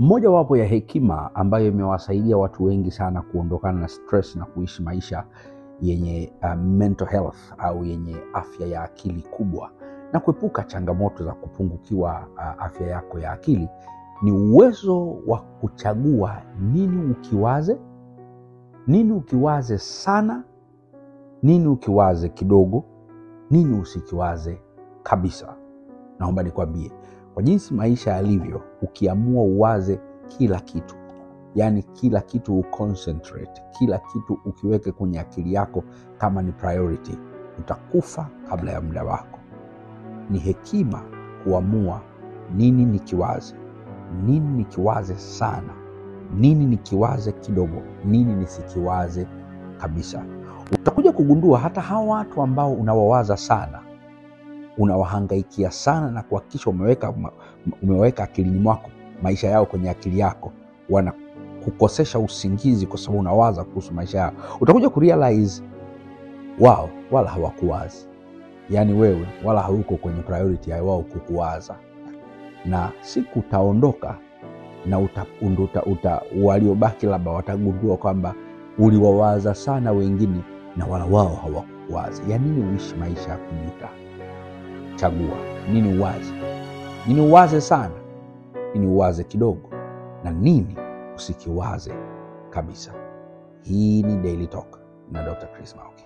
Mojawapo ya hekima ambayo imewasaidia watu wengi sana kuondokana na stress na kuishi maisha yenye uh, mental health au yenye afya ya akili kubwa na kuepuka changamoto za kupungukiwa uh, afya yako ya akili ni uwezo wa kuchagua nini ukiwaze, nini ukiwaze sana, nini ukiwaze kidogo, nini usikiwaze kabisa. Naomba nikwambie kwa jinsi maisha yalivyo, ukiamua uwaze kila kitu, yaani kila kitu uconcentrate, kila kitu ukiweke kwenye akili yako kama ni priority, utakufa kabla ya muda wako. Ni hekima kuamua nini ni kiwaze nini nikiwaze sana, nini nikiwaze kidogo, nini nisikiwaze kabisa. Utakuja kugundua hata hawa watu ambao unawawaza sana unawahangaikia sana na kuhakikisha umeweka, umeweka akilini mwako maisha yao kwenye akili yako, wana kukosesha usingizi kwa sababu unawaza kuhusu maisha yao. Utakuja kurealize wao wala hawakuwazi, yaani wewe wala hauko kwenye priority ya wao kukuwaza, na siku utaondoka na uta, uta, uta, waliobaki labda watagundua kwamba uliwawaza sana wengine na wala wao hawakuwaza. Ya yaani nini uishi maisha ya kujuta? chagua nini uwaze, nini uwaze sana, nini uwaze kidogo, na nini usikiwaze kabisa. Hii ni Daily Talk na Dr. Chris Mauki.